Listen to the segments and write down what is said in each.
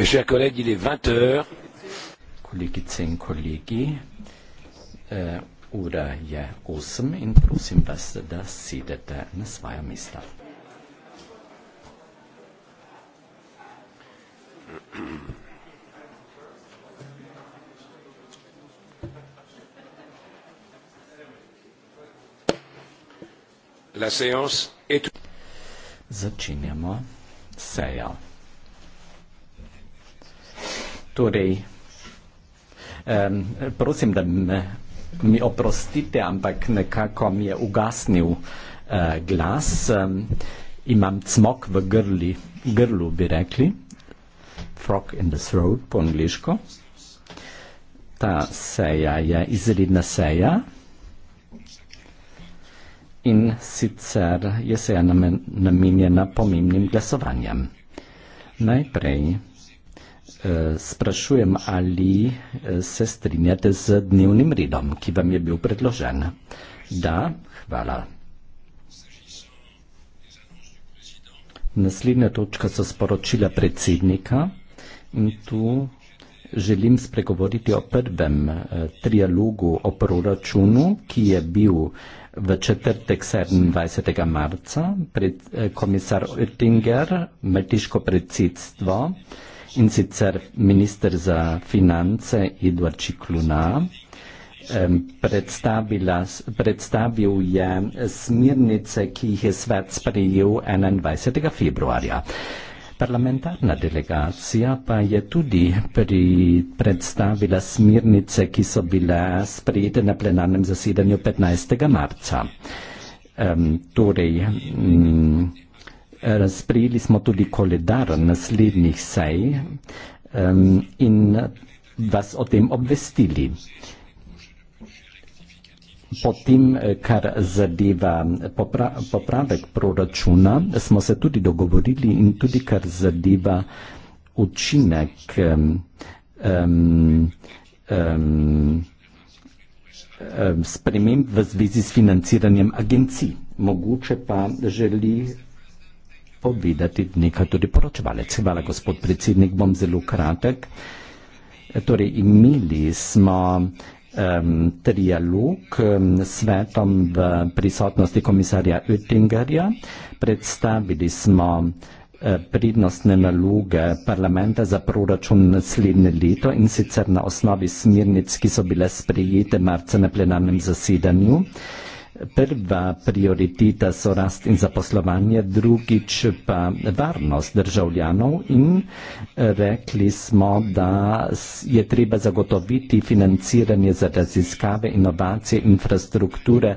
Mes chers collègues, il est 20 heures. Kolegicin, kolegi, eh, ura je 8 in prosim vas, da sedete na svoja mesta. La séance est... Začinjamo sejo. Torej, um, prosim, da me, mi oprostite, ampak nekako mi je ugasnil uh, glas. Um, imam cmok v grli, grlu, bi rekli. Frog in the throat po angliško. Ta seja je izredna seja. In sicer je seja namenjena pomembnim glasovanjem. Najprej. Eh, sprašujem, ali eh, se strinjate z dnevnim redom, ki vam je bil predložen. Da, hvala. Naslednja točka so sporočila predsednika in tu želim spregovoriti o prvem eh, trialogu o proračunu, ki je bil v četrtek 27. marca pred komisar Oettinger, Meltiško predsedstvo, in sicer minister za finance Edward Čikluna. Predstavil je smernice, ki jih je svet sprejel 21. februarja. Parlamentarna delegacija pa je tudi pri, predstavila smernice, ki so bile sprejete na plenarnem zasedanju 15. marca. Um, torej, um, razprijeli smo tudi koledar naslednjih sej um, in vas o tem obvestili. Potem, kar zadeva popra popravek proračuna, smo se tudi dogovorili in tudi, kar zadeva učinek um, um, um, sprememb v zvezi s financiranjem agencij. Mogoče pa želi povedati nekaj tudi poročevalec. Hvala, gospod predsednik, bom zelo kratek. Torej, imeli smo um, trialog um, s svetom v prisotnosti komisarja Oettingerja, predstavili smo eh, prednostne naloge parlamenta za proračun naslednje leto in sicer na osnovi smernic, ki so bile sprejete marca na plenarnem zasedanju. Prva prioriteta so rast in zaposlovanje, drugič pa varnost državljanov in eh, rekli smo, da je treba zagotoviti financiranje za raziskave, inovacije, infrastrukture,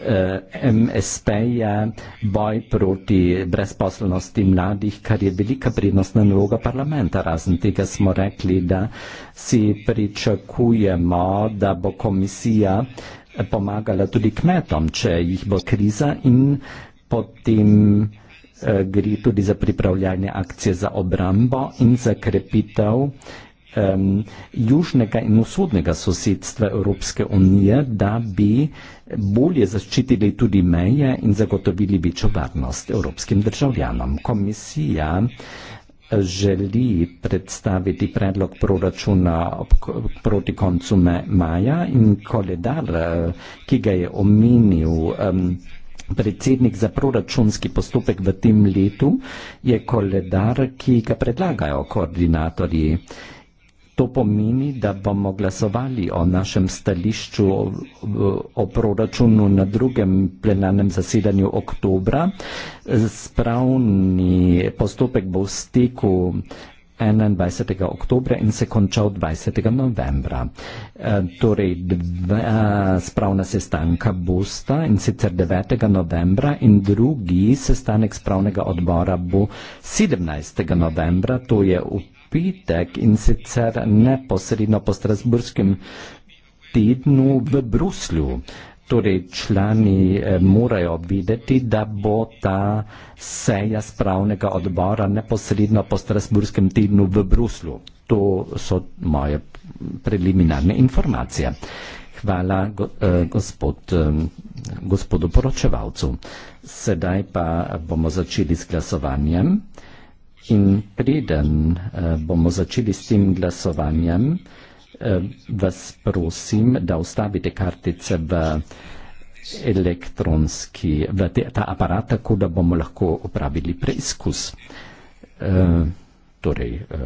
eh, MSP je boj proti brezposelnosti mladih, kar je velika prednostna naloga parlamenta. Razen tega smo rekli, da si pričakujemo, da bo komisija eh, pomagala tudi kmetom, če jih bo kriza in potem eh, gre tudi za pripravljanje akcije za obrambo in za krepitev eh, južnega in vzhodnega sosedstva Evropske unije, da bi bolje zaščitili tudi meje in zagotovili večjo varnost evropskim državljanom. Komisija eh, želi predstaviti predlog proračuna proti koncu maja in koledar, ki ga je omenil predsednik za proračunski postopek v tem letu, je koledar, ki ga predlagajo koordinatorji. To pomeni, da bomo glasovali o našem stališču o, o proračunu na drugem plenarnem zasedanju oktobra. Spravni postopek bo v steku 21. oktobra in se končal 20. novembra. E, torej, dva spravna sestanka bosta in sicer 9. novembra in drugi sestanek spravnega odbora bo 17. novembra, to je v petek in sicer neposredno po strasburskem tednu v Bruslju. Torej člani eh, morajo videti, da bo ta seja spravnega odbora neposredno po strasburskem tednu v Bruslju. To so moje preliminarne informacije. Hvala eh, gospod, eh, gospodu poročevalcu. Sedaj pa bomo začeli s glasovanjem. In preden eh, bomo začeli s tem glasovanjem, eh, vas prosim, da ustavite kartice v elektronski, v te, ta aparat, tako da bomo lahko upravili preizkus. E, torej, e,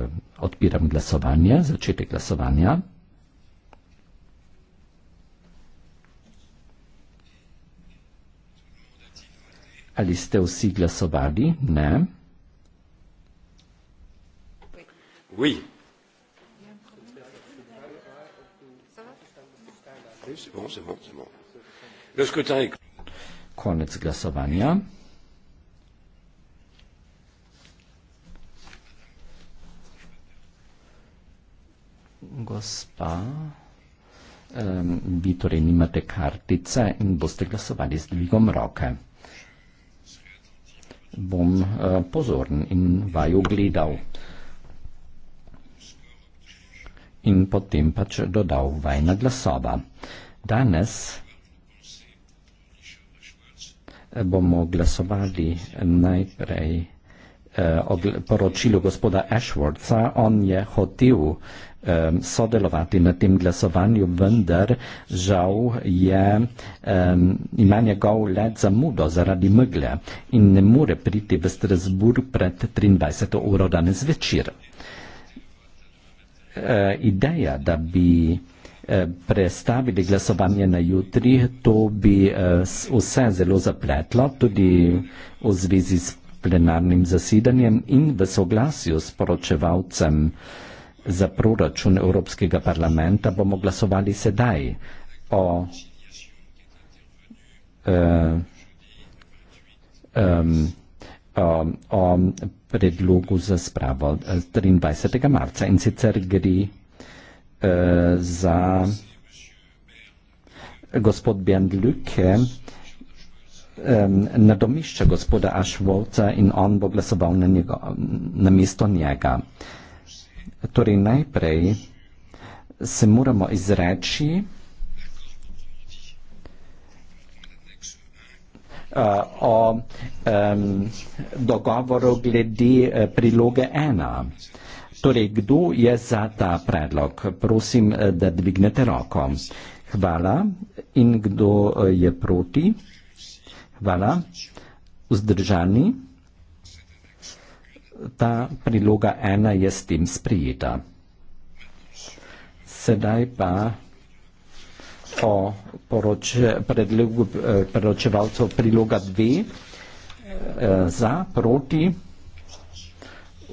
odpiram glasovanje, začetek glasovanja. Ali ste vsi glasovali? Ne. Oui. Le scrutin est Konec glasovanja. Gospa, um, vi torej nimate kartice in boste glasovali z dvigom roke. Bom uh, eh, pozoren in vaju gledal in potem pač dodal vajna glasova. Danes eh, bomo glasovali najprej eh, o poročilu gospoda Ashworda. On je hotel um, sodelovati na tem glasovanju, vendar žal je um, ima njegov let zamudo zaradi mgle in ne more priti v Strasburg pred 23. uro danes večer. Eh, ideja, da bi eh, prestavili glasovanje na jutri, to bi eh, vse zelo zapletlo, tudi v zvezi s plenarnim zasedanjem in v soglasju s poročevalcem za proračun Evropskega parlamenta bomo glasovali sedaj o uh, um, um, predlogu za spravo 23. Eh, marca in sicer gre eh, za gospod Bjorn Lüke, eh, nadomišča gospoda Ašvolca in on bo glasoval na, njego, na mesto njega. Torej najprej se moramo izreči, Eh, o um, dogovoru glede eh, priloge ena. Torej, kdo je za ta predlog? Prosim, eh, da dvignete roko. Hvala. In kdo je proti? Hvala. Vzdržani. Ta priloga ena je s tem sprijeta. Sedaj pa po poroč, predlogu eh, poročevalcev priloga 2 eh, za, proti,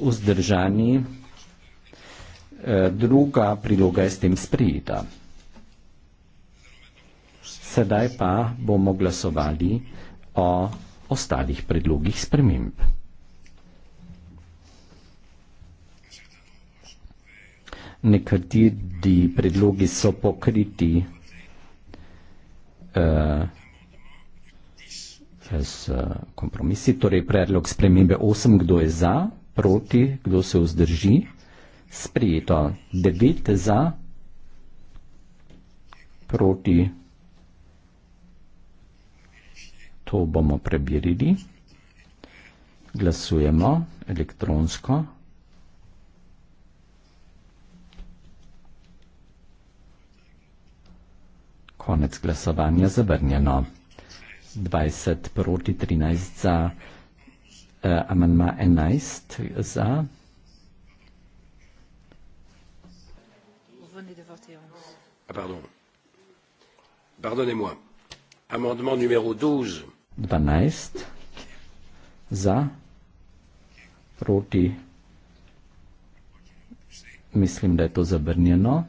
vzdržani, eh, druga priloga je s tem sprejeta. Sedaj pa bomo glasovali o ostalih predlogih sprememb. Nekateri predlogi so pokriti Eh, s eh, kompromisi. Torej, predlog spremembe 8, kdo je za, proti, kdo se vzdrži, sprijeto 9 za, proti, to bomo prebirili, glasujemo elektronsko. Konec glasovanja zabrnjeno. 20 proti 13 za. Uh, eh, amanma 11 za. Pardon. Pardonnez-moi. Amendement numéro 12. 12. Za. Proti. Mislim, da je to zabrnjeno.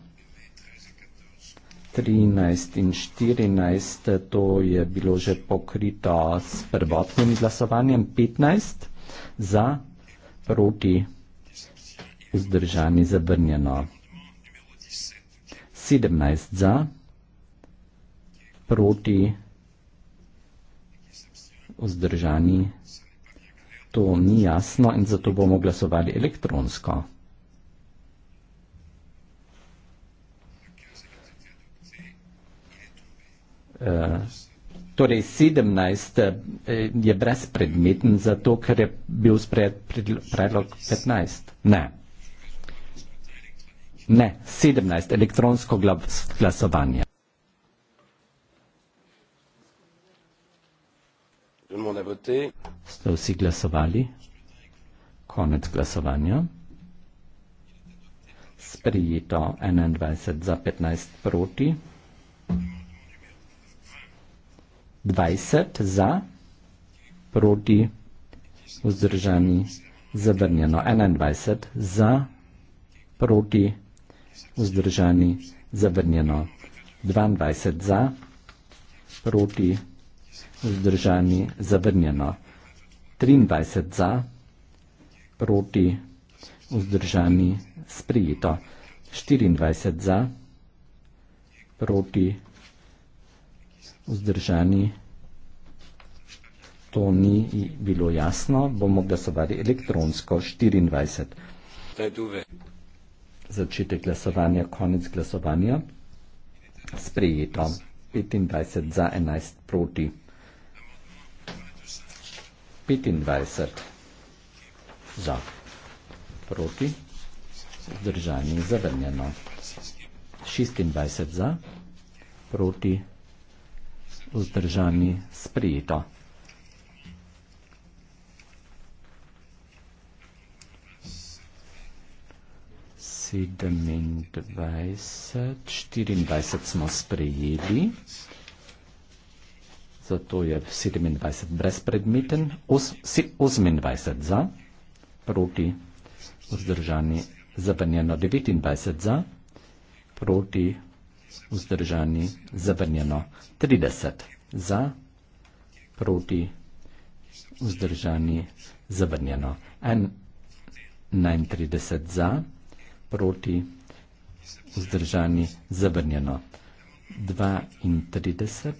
13 in 14, to je bilo že pokrito s prvotnim glasovanjem, 15 za, proti, vzdržani, zabrnjeno. 17 za, proti, vzdržani, to ni jasno in zato bomo glasovali elektronsko. Eh, torej 17 eh, je brezpredmeten, zato ker je bil sprejet predlog 15. Ne. Ne, 17, elektronsko glasovanje. Ste vsi glasovali? Konec glasovanja. Sprijeto 21 za 15 proti. 20 za, proti, vzdržani, zavrnjeno. 21 za, proti, vzdržani, zavrnjeno. 22 za, proti, vzdržani, zavrnjeno. 23 za, proti, vzdržani, sprijeto. 24 za, proti, vzdržani, zavrnjeno vzdržani. To ni bilo jasno, bomo glasovali elektronsko 24. Začetek glasovanja, konec glasovanja. Sprejeto 25 za 11 proti. 25 za proti, vzdržani zavrnjeno. 26 za proti vzdržani sprejeto. Sedemindvajset, štirindvajset smo sprejeli, zato je sedemindvajset brezpredmeten, osmindvajset za, proti vzdržani zabanjeno devetindvajset za, proti vzdržani vzdržani, zavrnjeno 30, za, proti, vzdržani, zavrnjeno 31, za, proti, vzdržani, zavrnjeno 32,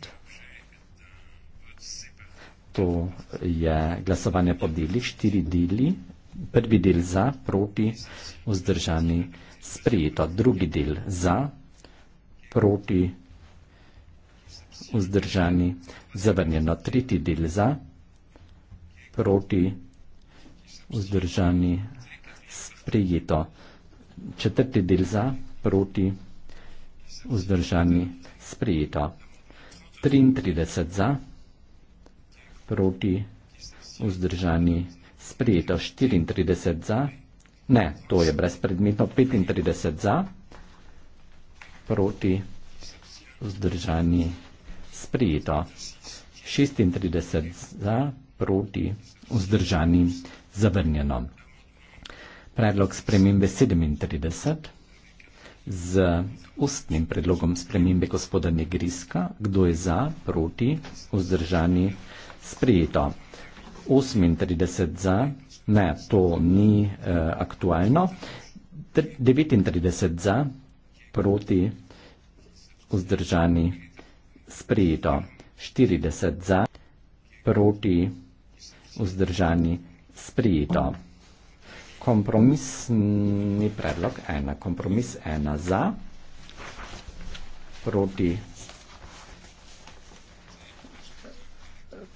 to je glasovanje po delih, štiri deli, prvi del za, proti, vzdržani, sprejeto, drugi del za, proti, proti, vzdržani, zavrnjeno, tretji del za, proti, vzdržani, sprejeto, četrti del za, proti, vzdržani, sprejeto, 33 za, proti, vzdržani, sprejeto, 34 za, ne, to je brezpredmetno, 35 za, sprejeto, proti vzdržani sprejeto. 36 za proti vzdržani zavrnjeno. Predlog spremembe 37 z ustnim predlogom spremembe gospoda Negriska, kdo je za, proti, vzdržani, sprejeto. 38 za, ne, to ni e, aktualno, 39 za, proti, vzdržani, sprejeto. 40 za, proti, vzdržani, sprejeto. Kompromisni predlog 1. Kompromis 1 za, proti,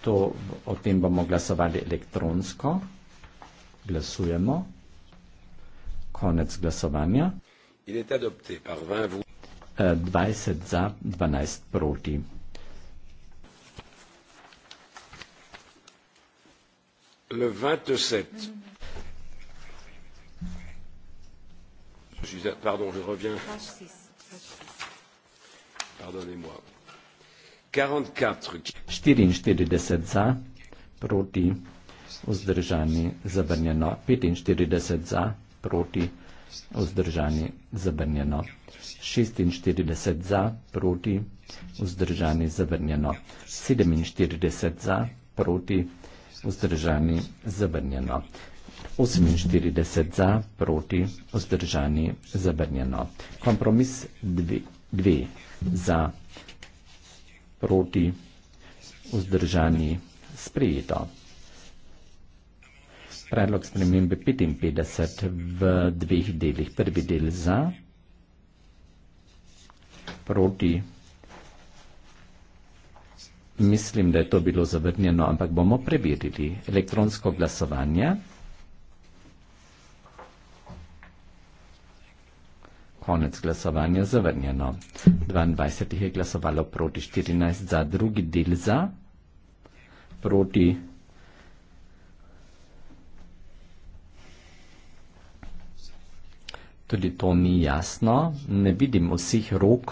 to, o tem bomo glasovali elektronsko, glasujemo, konec glasovanja. Il est adopté par 20 voix. 20 za, 12 proti. Le 27. Je suis, pardon, je reviens. Pardonnez-moi. 44. za, proti, zdržani, zabrnjeno, 45 za, proti, vzdržani, zavrnjeno. 46 za, proti, vzdržani, zavrnjeno. 47 za, proti, vzdržani, zavrnjeno. 48 za, proti, vzdržani, zavrnjeno. Kompromis 2 za, proti, vzdržani, sprejeto predlog spremembe 55 v dveh delih. Prvi del za, proti, mislim, da je to bilo zavrnjeno, ampak bomo preverili elektronsko glasovanje. Konec glasovanja zavrnjeno. 22 je glasovalo proti 14 za, drugi del za, proti 14. Tudi to ni jasno, ne vidim vseh rok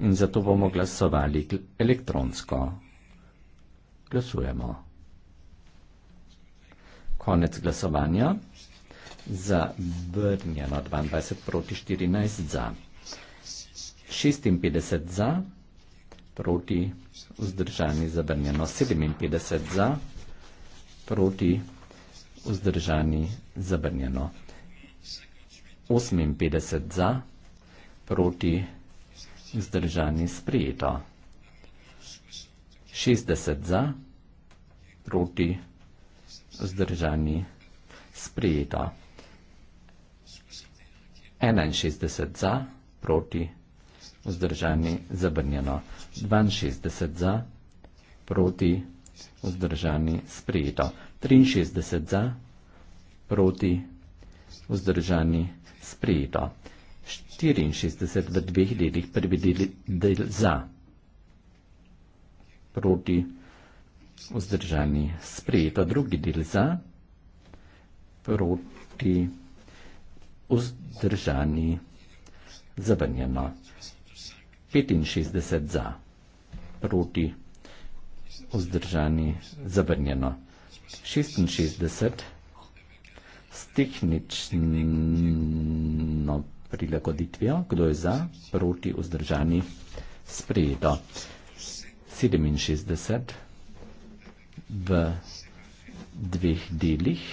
in zato bomo glasovali elektronsko. Glasujemo. Konec glasovanja. Za vrnjeno 22 proti 14 za. 56 za, proti vzdržani zavrnjeno 57 za, proti vzdržani zavrnjeno 15. 58 za, proti vzdržani sprejeto. 60 za, proti vzdržani sprejeto. 61 za, proti vzdržani zabrnjeno. 62 za, proti vzdržani sprejeto. 63 za, proti vzdržani sprejeto sprejeto. 64 v dveh delih, prvi del, del za, proti, vzdržani, sprejeto, drugi del za, proti, vzdržani, zavrnjeno. 65 za, proti, vzdržani, zavrnjeno. 66 s tehnično prilagoditvijo, kdo je za, proti, vzdržani, sprejeto. 67 v dveh delih,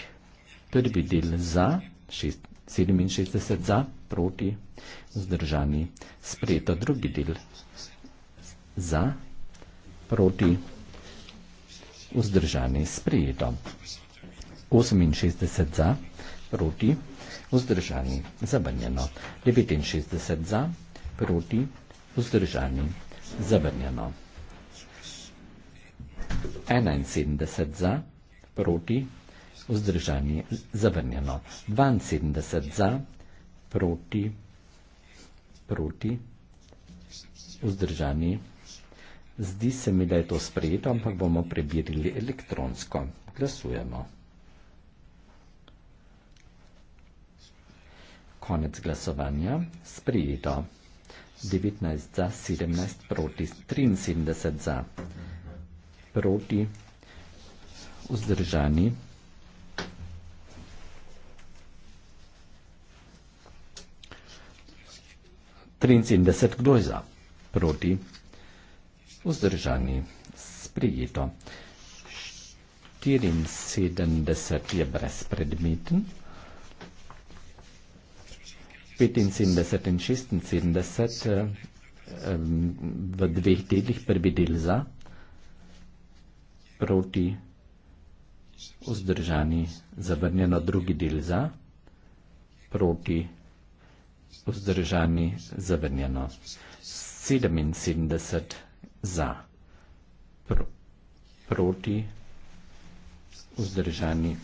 prvi del za, 67 za, proti, vzdržani, sprejeto, drugi del za, proti, vzdržani, sprejeto. 68 za, proti, vzdržani, zabrnjeno. 69 za, proti, vzdržani, zabrnjeno. 71 za, proti, vzdržani, zabrnjeno. 72 za, proti, proti, vzdržani. Zdi se mi, da je to sprejeto, ampak bomo prebirili elektronsko. Glasujemo. Konec glasovanja. Sprijeto. 19 za, 17 proti, 73 za. Proti. Vzdržani. Trinsindeset, kdo je za? Proti. Vzdržani. Sprijeto. Štirinsedemdeset je brezpredmeten. 75 in 76 eh, eh, v dveh delih prvi del za proti vzdržani zavrnjeno drugi del za proti vzdržani zavrnjeno 77 za proti vzdržani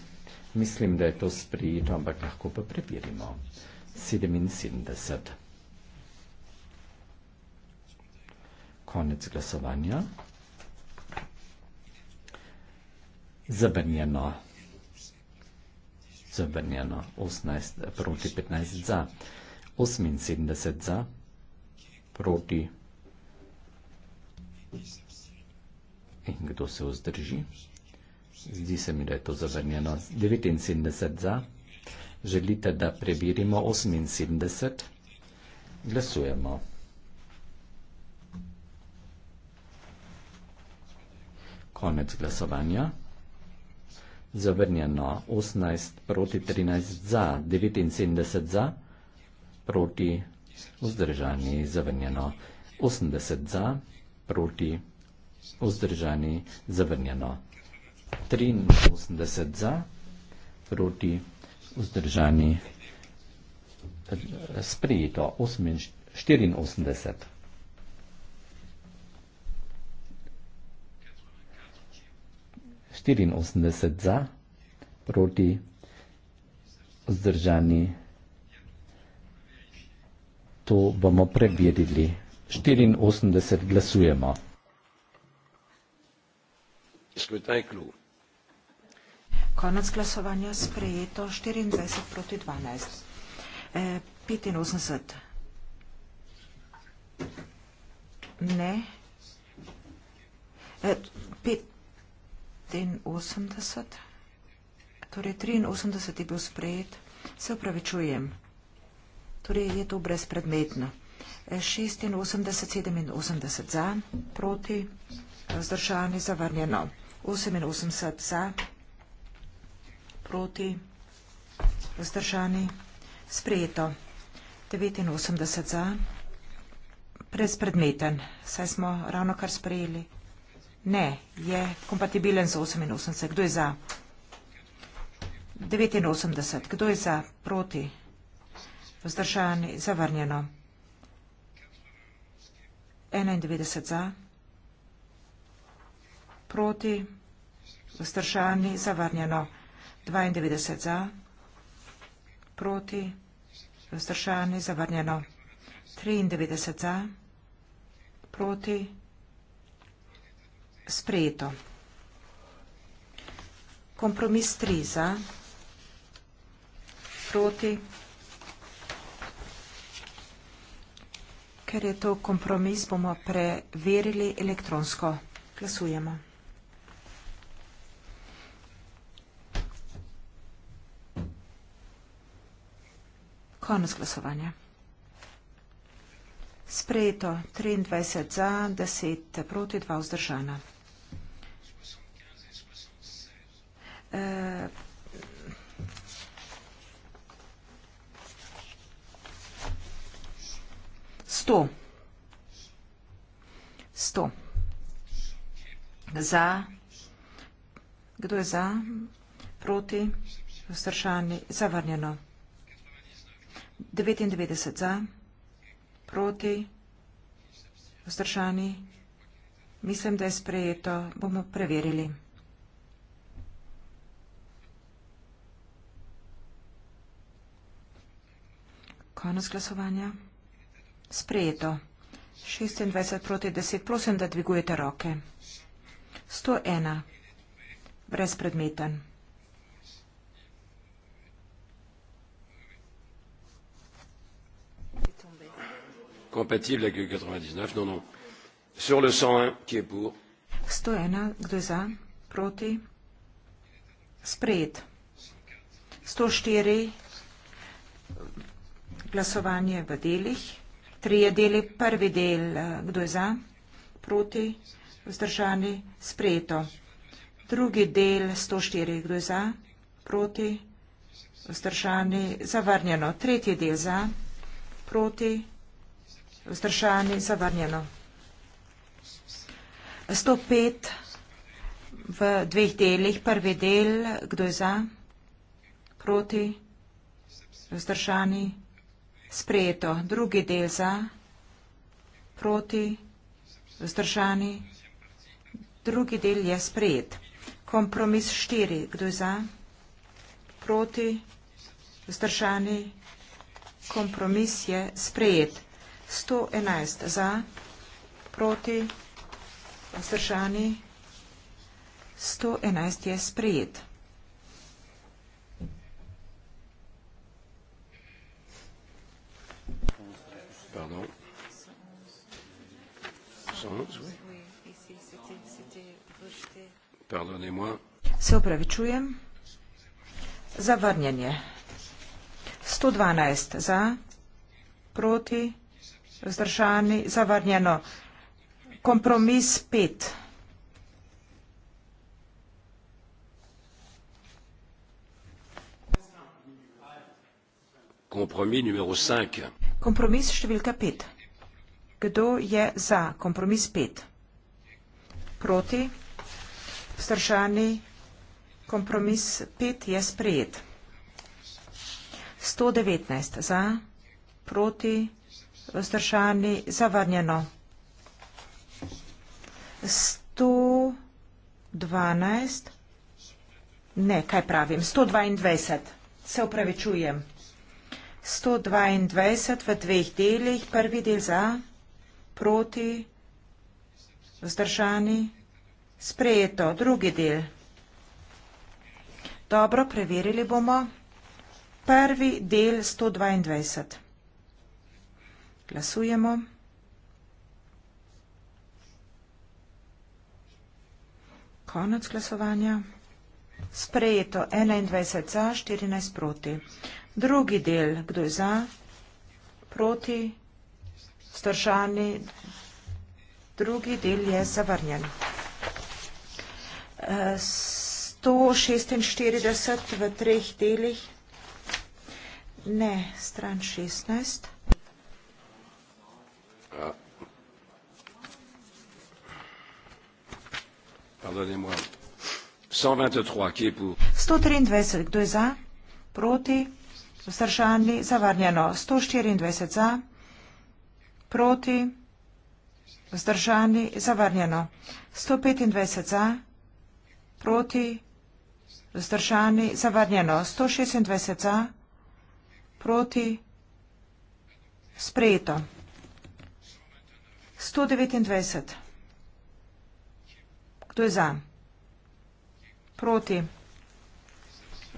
mislim, da je to sprijeto, ampak lahko pa prepirimo. 77. Konec glasovanja. Zabrnjeno. Zabrnjeno. 18 proti 15 za. 78 za. Proti. In kdo se vzdrži? Zdi se mi, da je to zabrnjeno. 79 za. 79 za. Želite, da preverimo 78? Glasujemo. Konec glasovanja. Zavrnjeno 18 proti 13 za, 79 za, proti vzdržani zavrnjeno 80 za, proti vzdržani zavrnjeno 83 za, proti vzdržani zavrnjeno vzdržani. Sprejeto 84. štiriinosemdeset za, proti, vzdržani. To bomo preverili. štiriinosemdeset glasujemo. Skrutaj kljub. Konec glasovanja sprejeto 24 proti 12. E, 85. Ne. E, 85. Torej 83 je bil sprejet. Se upravičujem. Torej je to brezpredmetno. E, 86, 87 za, proti, vzdržani, zavrnjeno. 88 za proti, vzdržani, sprejeto, 89 za, prezpredmeten, saj smo ravno kar sprejeli. Ne, je kompatibilen z 88, kdo je za? 89, kdo je za, proti, vzdržani, zavrnjeno, 91 za, proti, vzdržani, zavrnjeno, 91 za. 92 za, proti, vzdržani, zavrnjeno, 93 za, proti, sprejeto. Kompromis 3 za, proti, ker je to kompromis, bomo preverili elektronsko. Glasujemo. Konec glasovanja. Sprejeto 23 za, 10 proti, 2 vzdržana. E, sto. Sto. Za. Kdo je za? Proti. Vzdržani. Zavrnjeno. 99 za, proti, vzdržani. Mislim, da je sprejeto. Bomo preverili. Konec glasovanja. Sprejeto. 26 proti 10. Prosim, da dvigujete roke. 101. Brezpredmeten. compatible avec le 99 Non, non. Sur le 101, qui est pour 101, qui est za, proti, sprejet. 104, glasovanje v delih. Trije deli, prvi del, eh, kdo je za, proti, vzdržani, sprejeto. Drugi del, 104, kdo je za, proti, vzdržani, zavrnjeno. Tretji del za, proti, vzdržani vzdržani, zavrnjeno. 105 v dveh delih. Prvi del, kdo je za, proti, vzdržani, sprejeto. Drugi del za, proti, vzdržani, drugi del je sprejet. Kompromis 4, kdo je za, proti, vzdržani, kompromis je sprejet. 111 za, proti, vzdržani, 111 je sprejet. Se upravičujem. Zavrnjen je. 112 za, proti, vzdržani, 111 je sprejet. Vzdržani zavrnjeno. Kompromis pet. Kompromis, kompromis številka pet. Kdo je za kompromis pet? Proti. Vzdržani kompromis pet je sprejet. 119 za, proti Vzdržani zavrnjeno. 112. Ne, kaj pravim? 122. Se upravičujem. 122 v dveh delih. Prvi del za, proti, vzdržani, sprejeto. Drugi del. Dobro, preverili bomo. Prvi del 122. Glasujemo. Konec glasovanja. Sprejeto 21 za, 14 proti. Drugi del, kdo je za, proti, stržani, drugi del je zavrnjen. 146 e, v treh delih, ne, stran 16. Pardonnez-moi. 123, qui est pour 123, kdo je za? Proti? Vzdržani? Zavarnjeno. 124 za? Proti? Vzdržani? Zavarnjeno. 125 za? Proti? Vzdržani? Zavarnjeno. 126 za? Proti? Sprejeto. 129. Kdo je za? Proti.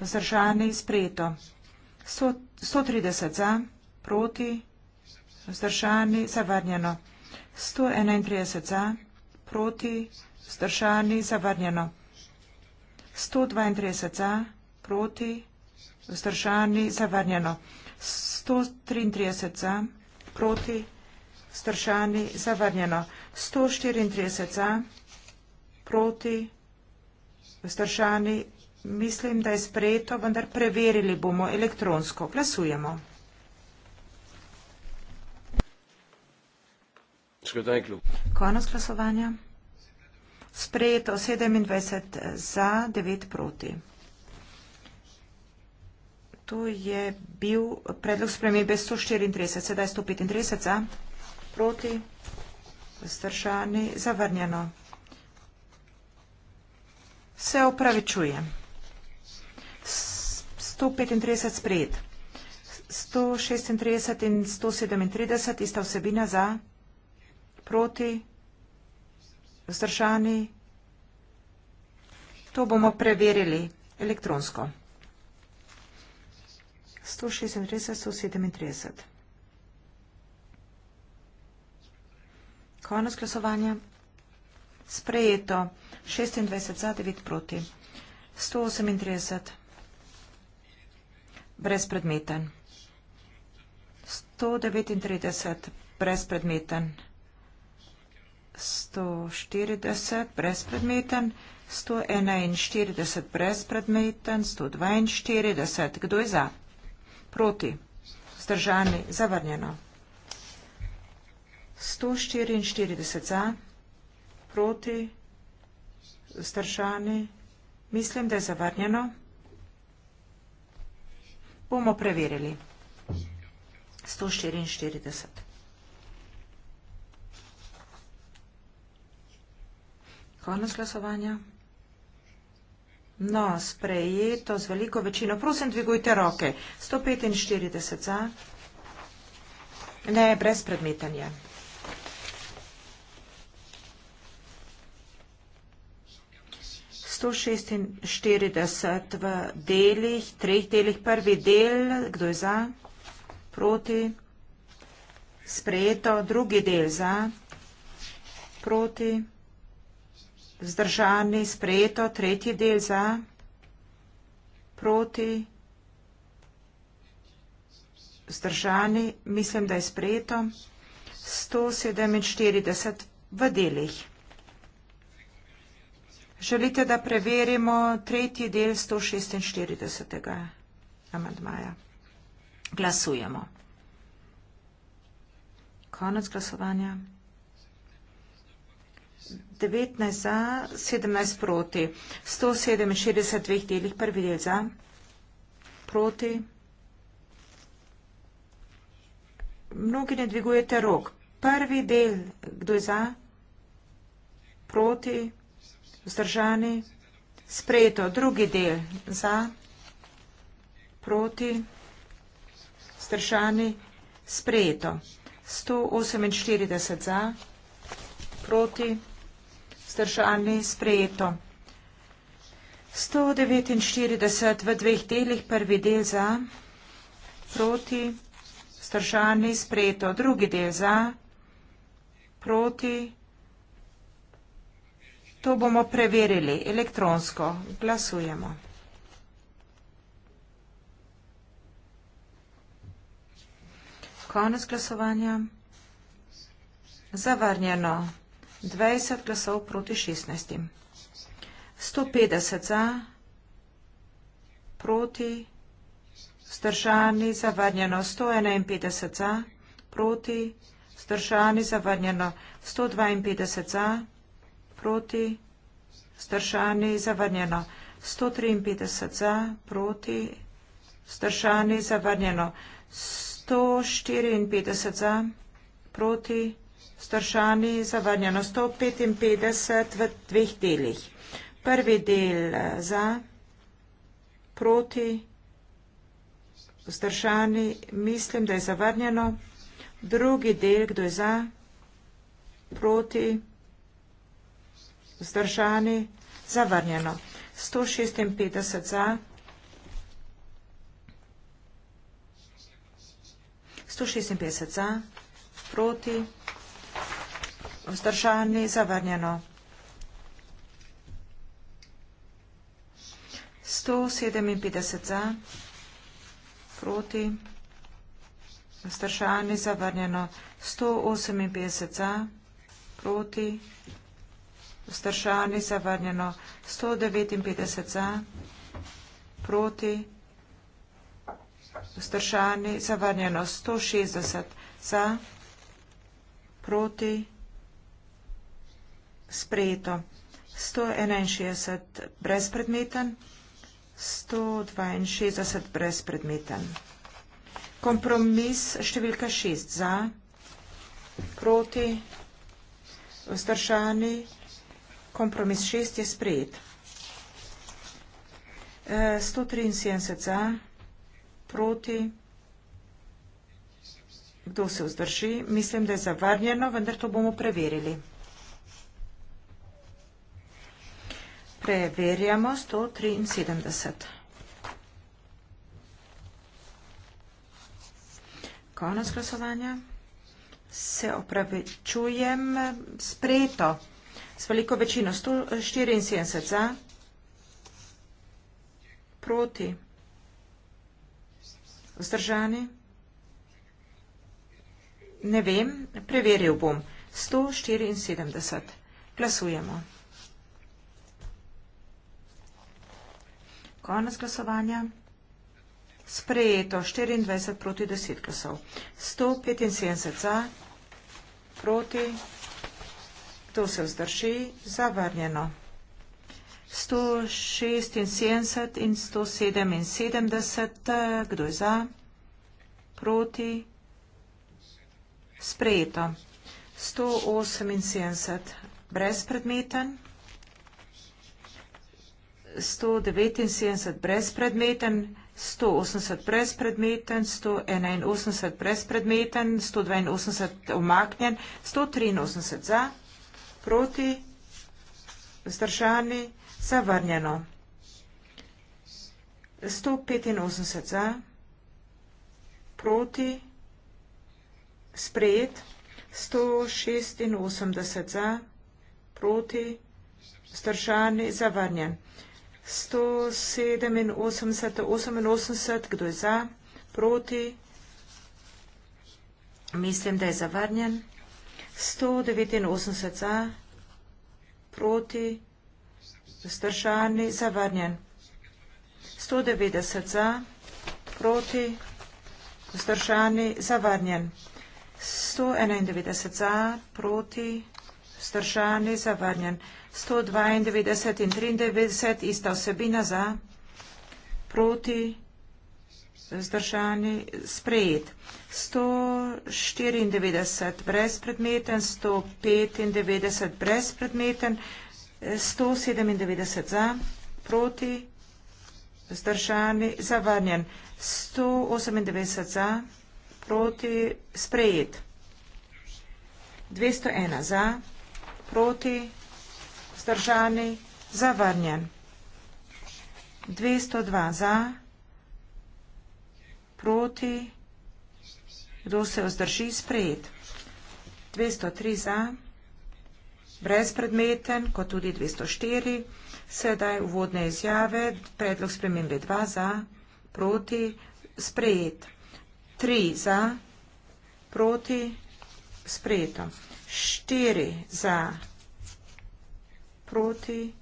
Vzdržane je sprejeto. 130 za, proti, vzdržani, zavrnjeno. 131 za, proti, vzdržani, zavrnjeno. 132 za, proti, vzdržani, zavrnjeno. 133 za, proti, vzdržani, zavrnjeno. 134 za, proti proti vzdržani. Mislim, da je sprejeto, vendar preverili bomo elektronsko. Glasujemo. Konec glasovanja. Sprejeto 27 za, 9 proti. To je bil predlog spremembe 134, sedaj 135 za, proti, vzdržani, zavrnjeno. Se opravičujem. 135 sprejet. 136 in 137 ista vsebina za, proti, vzdržani. To bomo preverili elektronsko. 136, 137. Konec glasovanja sprejeto 26 za 9 proti 138 brezpredmeten 139 brezpredmeten 140 brezpredmeten 141 brezpredmeten 142 kdo je za proti zdržani zavrnjeno 144 za proti, stršani. Mislim, da je zavrnjeno. Bomo preverili. 144. Konec glasovanja. No, sprejeto z veliko večino. Prosim, dvigujte roke. 145 za. Ne, brez predmetanja. 146 v delih, treh delih. Prvi del, kdo je za, proti, sprejeto. Drugi del za, proti, zdržani, sprejeto. Tretji del za, proti, zdržani, mislim, da je sprejeto. 147 v delih. Želite, da preverimo tretji del 146. amadmaja. Glasujemo. Konec glasovanja. 19 za, 17 proti. 167 dveh delih, prvi del za, proti. Mnogi ne dvigujete rok. Prvi del, kdo je za, proti vzdržani. Sprejeto drugi del za, proti, vzdržani, sprejeto. 148 za, proti, vzdržani, sprejeto. 149 v dveh delih, prvi del za, proti, vzdržani, sprejeto. Drugi del za, proti, vzdržani. To bomo preverili elektronsko. Glasujemo. Konec glasovanja. Zavrnjeno. 20 glasov proti 16. 150 za, proti, vzdržani, zavrnjeno. 151 za, proti, vzdržani, zavrnjeno. 152 za, proti proti, stršani zavrnjeno, 153 za, proti, stršani zavrnjeno, 154 za, proti, stršani zavrnjeno, 155 v dveh delih. Prvi del za, proti, stršani, mislim, da je zavrnjeno, drugi del, kdo je za, proti, stršani, vzdržani, zavrnjeno. 156 za, 156 za, proti, vzdržani, zavrnjeno. 157 za, proti, vzdržani, zavrnjeno. 158 za, proti, vzdržani, zavrnjeno. Vzdržani zavrnjeno 159 za, proti. Vzdržani zavrnjeno 160 za, proti. Sprejeto 161 brezpredmeten, 162 brezpredmeten. Kompromis številka 6 za, proti. Vzdržani zavrnjeno 160 za, proti kompromis šest je sprejet. 173 e, za, proti, kdo se vzdrži, mislim, da je zavarnjeno, vendar to bomo preverili. Preverjamo 173. Konec glasovanja. Se opravičujem, sprejeto z veliko večino 174 za, proti, vzdržani, ne vem, preveril bom, 174, glasujemo. Konec glasovanja, sprejeto 24 proti 10 glasov, 175 za, proti, vzdržani, To se vzdrži zavrnjeno. 176 in 177, kdo je za, proti, sprejeto. 178, brezpredmeten. 179 brezpredmeten, 180 brezpredmeten, 181 brezpredmeten, 182 omaknjen, 183 za, proti, vzdržani, zavrnjeno. 185 za, proti, sprejet, 186 za, proti, vzdržani, zavrnjen. 187, 88, kdo je za, proti, mislim, da je zavrnjen. 189 za, proti, vzdržani, zavrnjen. 190 za, proti, vzdržani, zavrnjen. 191 za, proti, vzdržani, zavrnjen. 192 in 93 ista osebina za, proti, vzdržani vzdržani sprejet. 194 brezpredmeten, 195 brezpredmeten, 197 za, proti, vzdržani, zavrnjen, 198 za, proti, sprejet. 201 za, proti, vzdržani, zavrnjen. 202 za, proti, vzdržani, zavrnjen proti, kdo se vzdrži, sprejet. 203 za, brezpredmeten, kot tudi 204. Sedaj uvodne izjave, predlog spremembe 2 za, proti, sprejet. 3 za, proti, sprejeto. 4 za, proti.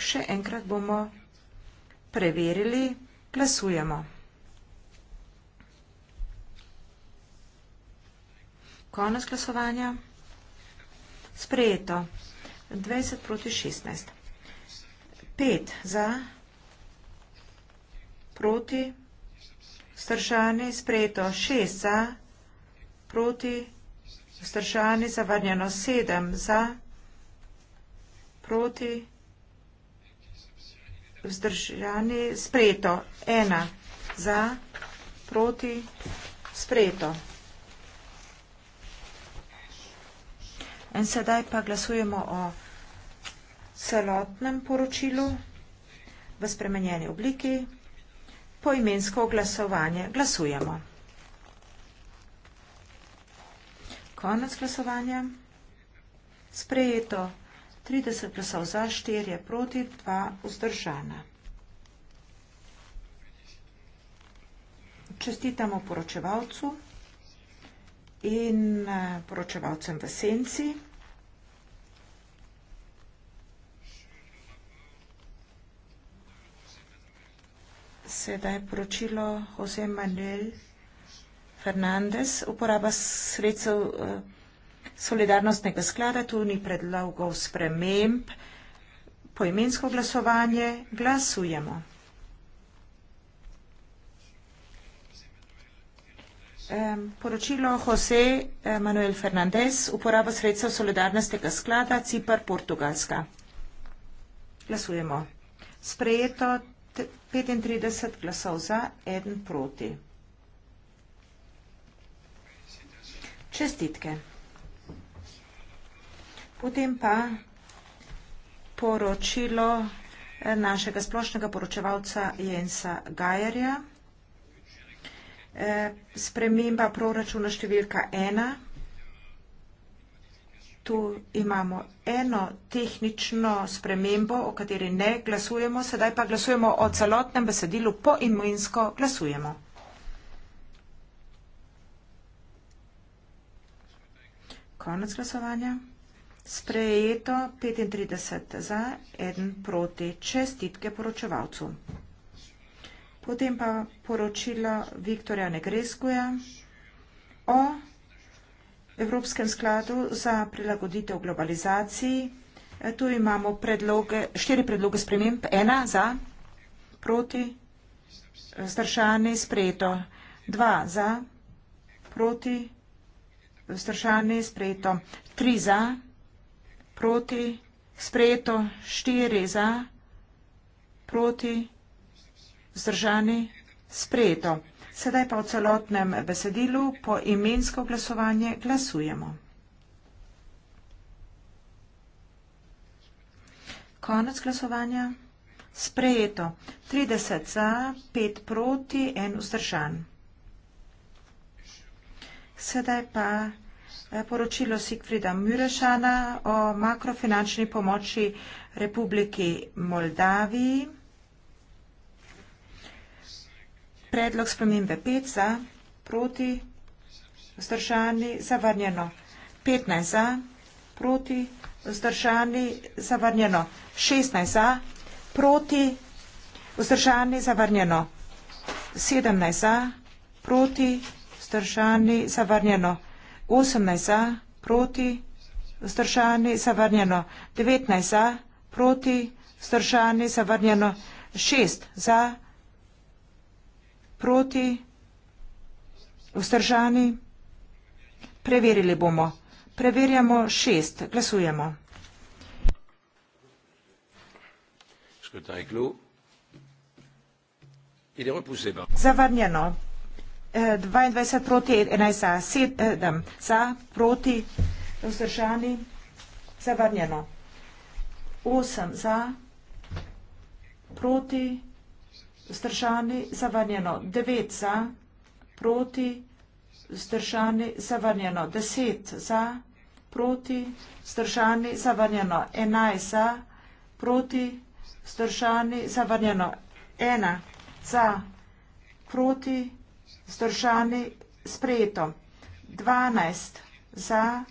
Še enkrat bomo preverili, glasujemo. Konec glasovanja. Sprejeto. 20 proti 16. 5 za, proti, stršani, sprejeto. 6 za, proti, stršani, zavarnjeno. 7 za, proti, stršani vzdržani, sprejeto. Ena za, proti, sprejeto. In sedaj pa glasujemo o celotnem poročilu v spremenjeni obliki po imensko glasovanje. Glasujemo. Konec glasovanja. Sprejeto. 30 glasov za, 4 proti, 2 vzdržana. Čestitamo poročevalcu in eh, poročevalcem v senci. Sedaj je poročilo Jose Manuel Fernandez, uporaba sredstv. Uh, eh, solidarnostnega sklada, tu ni predlogov sprememb. Poimensko glasovanje, glasujemo. Um, poročilo Jose eh, Manuel Fernandez, uporaba sredstev solidarnostnega sklada Cipr-Portugalska. Glasujemo. Sprejeto 35 glasov za, en proti. Čestitke. Potem pa poročilo eh, našega splošnega poročevalca Jensa Gajerja. Eh, sprememba proračuna številka ena. Tu imamo eno tehnično spremembo, o kateri ne glasujemo, sedaj pa glasujemo o celotnem besedilu po imunsko glasujemo. Konec glasovanja. Sprejeto 35 za, 1 proti. Čestitke poročevalcu. Potem pa poročilo Viktorja Negreskuja o Evropskem skladu za prilagoditev globalizaciji. E, tu imamo predloge, štiri predloge sprememb. Ena za, proti, zdržani, sprejeto. Dva za, proti, zdržani, sprejeto. Tri za, proti proti, sprejeto štiri za, proti, vzdržani, sprejeto. Sedaj pa v celotnem besedilu po imensko glasovanje glasujemo. Konec glasovanja. Sprejeto. 30 za, 5 proti, 1 vzdržan. Sedaj pa Eh, poročilo Sigfrida Mürešana o makrofinančni pomoči Republiki Moldaviji, predlog spremembe 5 za, proti, vzdržani, zavrnjeno, 15 za, proti, vzdržani, zavrnjeno, 16 za, proti, vzdržani, zavrnjeno, 17 za, proti, vzdržani, zavrnjeno, 17 za, 18 za, proti, vzdržani, zavrnjeno 19 za, proti, vzdržani, zavrnjeno 6 za, proti, vzdržani. Preverili bomo. Preverjamo 6. Glasujemo. Zavrnjeno. 22 proti 11 za, 7 eh, za, proti, vzdržani, zavrnjeno. 8 za, proti, vzdržani, zavrnjeno. 9 za, proti, vzdržani, zavrnjeno. 10 za, proti, vzdržani, zavrnjeno. 11 za, proti, vzdržani, zavrnjeno. 1 za, proti, vzdržani, zavrnjeno. Zdržani sprejeto. 12 za,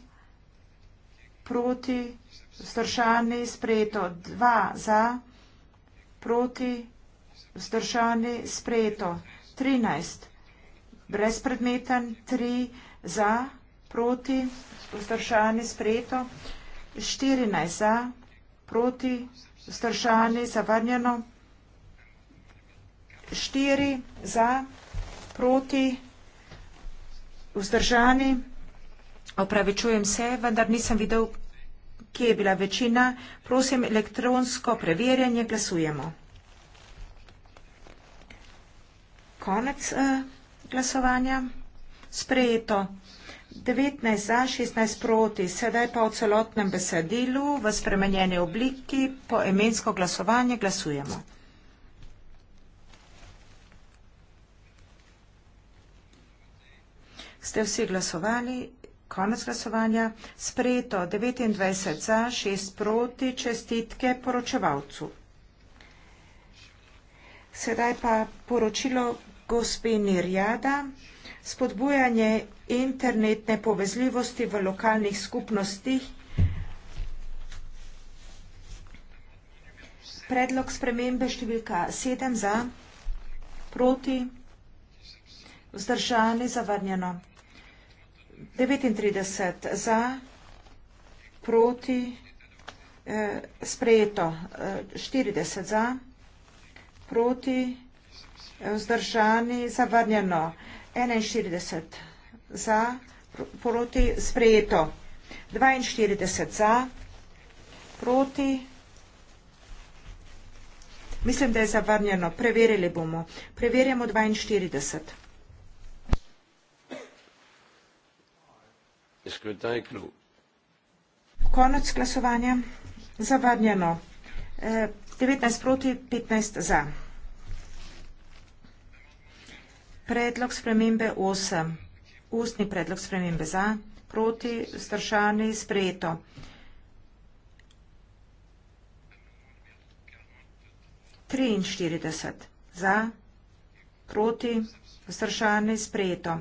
proti, vzdržani sprejeto. 2 za, proti, vzdržani sprejeto. 13 brezpredmeten, 3 za, proti, vzdržani sprejeto. 14 za, proti, vzdržani zavrnjeno. 4 za, proti, vzdržani sprejeto proti, vzdržani. Opravičujem se, vendar nisem videl, kje je bila večina. Prosim, elektronsko preverjanje glasujemo. Konec eh, glasovanja. Sprejeto. 19 za, 16 proti, sedaj pa v celotnem besedilu v spremenjeni obliki po emensko glasovanje glasujemo. ste vsi glasovali. Konec glasovanja. Sprejeto 29 za, 6 proti. Čestitke poročevalcu. Sedaj pa poročilo gospe Nirjada. Spodbujanje internetne povezljivosti v lokalnih skupnostih. Predlog spremembe številka 7 za, proti, vzdržani, zavrnjeno. 39 za, proti, eh, sprejeto, eh, 40 za, proti, eh, vzdržani, zavrnjeno, 41 za, proti, sprejeto, 42 za, proti, mislim, da je zavrnjeno, preverili bomo, preverjamo 42 za. Le scrutin est clos. Konec glasovanja. Zavrnjeno. 19 eh, proti, 15 za. Predlog spremembe 8. Ustni predlog spremembe za. Proti, zdržani, sprejeto. Triinštirideset za, proti, vzdržani, sprejeto.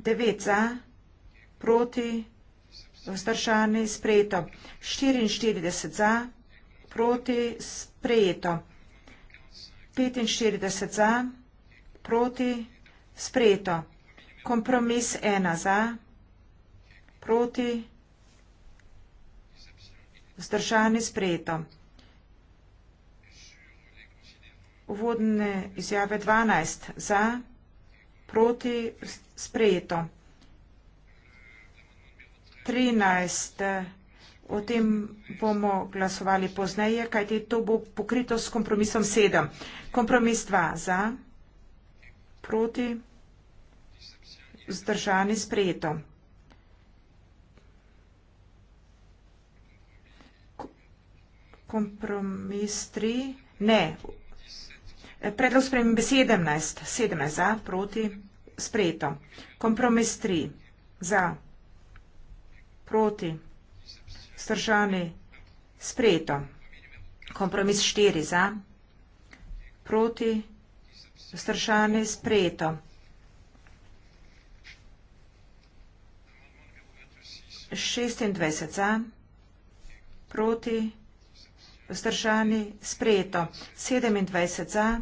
Devet za, proti, vzdržani, sprejeto. 44 za, proti, sprejeto. 45 za, proti, sprejeto. Kompromis 1 za, proti, vzdržani, sprejeto. Uvodne izjave 12 za, proti, sprejeto. 13. O tem bomo glasovali pozneje, kajte to bo pokrito s kompromisom 7. Kompromis 2 za, proti, zdržani sprejeto. Kompromis 3, ne, predlog spremembe 17, 17 za, proti, sprejeto. Kompromis 3 za, proti, proti, stržani, sprejeto. Kompromis štiri za, proti, stržani, sprejeto. Šestindvajset za, proti, vzdržani, sprejeto. Sedemindvajset za,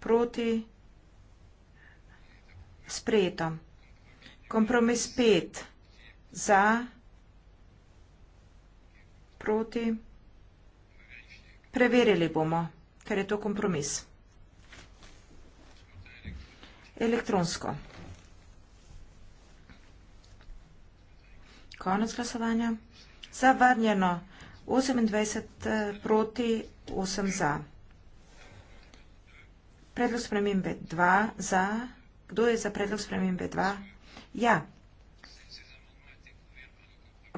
proti, sprejeto. Kompromis pet za, proti. Preverili bomo, ker je to kompromis. Elektronsko. Konec glasovanja. Zavrnjeno 28 eh, proti 8 za. Predlog spremembe 2 za. Kdo je za predlog spremembe 2? Ja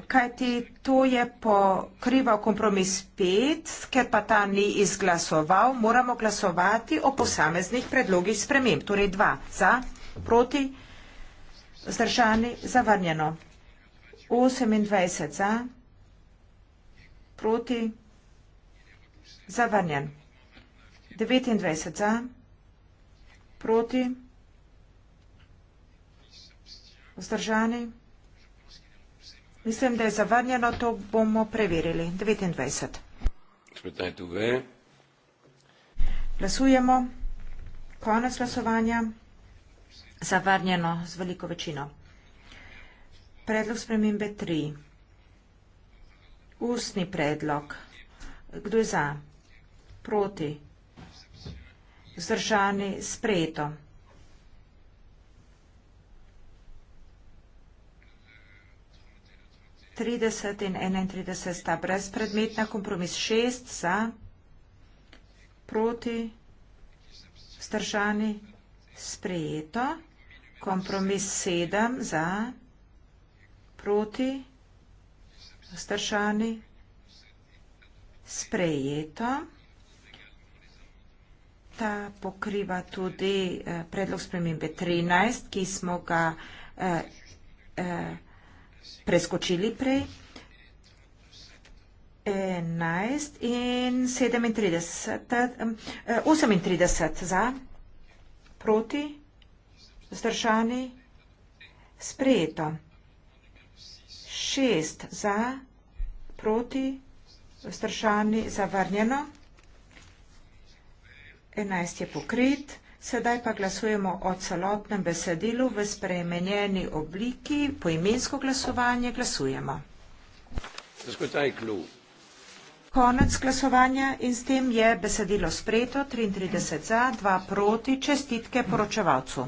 kajti to je pokrival kompromis 5, ker pa ta ni izglasoval, moramo glasovati o posameznih predlogih sprememb. Torej dva, za, proti, zdržani, zavrnjeno. 28 za, proti, zavrnjen. 29 za, proti, zdržani, zavrnjeno. Mislim, da je zavrnjeno, to bomo preverili. 29. Glasujemo. Konec glasovanja. Zavrnjeno z veliko večino. Predlog spremembe 3. Ustni predlog. Kdo je za? Proti. Zdržani sprejeto. 30 in 31 sta brezpredmetna, kompromis 6 za, proti, vzdržani, sprejeto, kompromis 7 za, proti, vzdržani, sprejeto. Ta pokriva tudi eh, predlog spremembe 13, ki smo ga izgledali eh, eh, preskočili prej. 11 in 37, 38 eh, za, proti, zdržani, sprejeto. 6 za, proti, zdržani, zavrnjeno. 11 je pokrit. 11 je pokrit. Sedaj pa glasujemo o celotnem besedilu v spremenjeni obliki. Po imensko glasovanje glasujemo. Konec glasovanja in s tem je besedilo spreto 33 za, 2 proti, čestitke poročevalcu.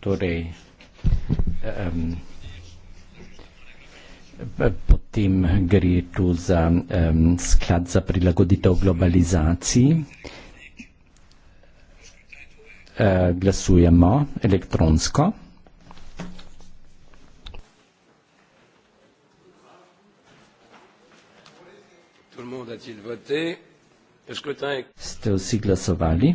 Torej, Potem gre tu za um, sklad za prilagoditev globalizaciji. Uh, glasujemo elektronsko. Ste vsi glasovali?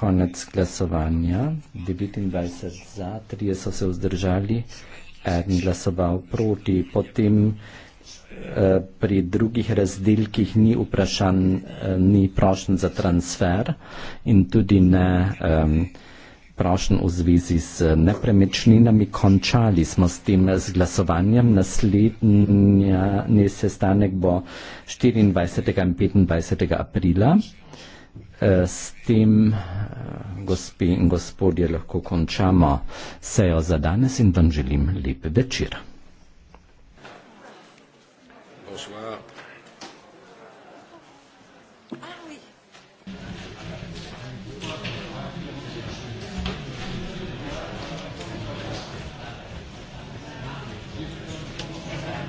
konec glasovanja. 29 za, 3 so se vzdržali, en glasoval proti. Potem eh, pri drugih razdelkih ni vprašan, eh, ni prošen za transfer in tudi ne um, prošen v zvezi z nepremečninami. Končali smo s tem z glasovanjem. Naslednji sestanek bo 24. in 25. aprila. Eh, s tem, eh, gospi in gospodje, lahko končamo sejo za danes in vam želim lep večer.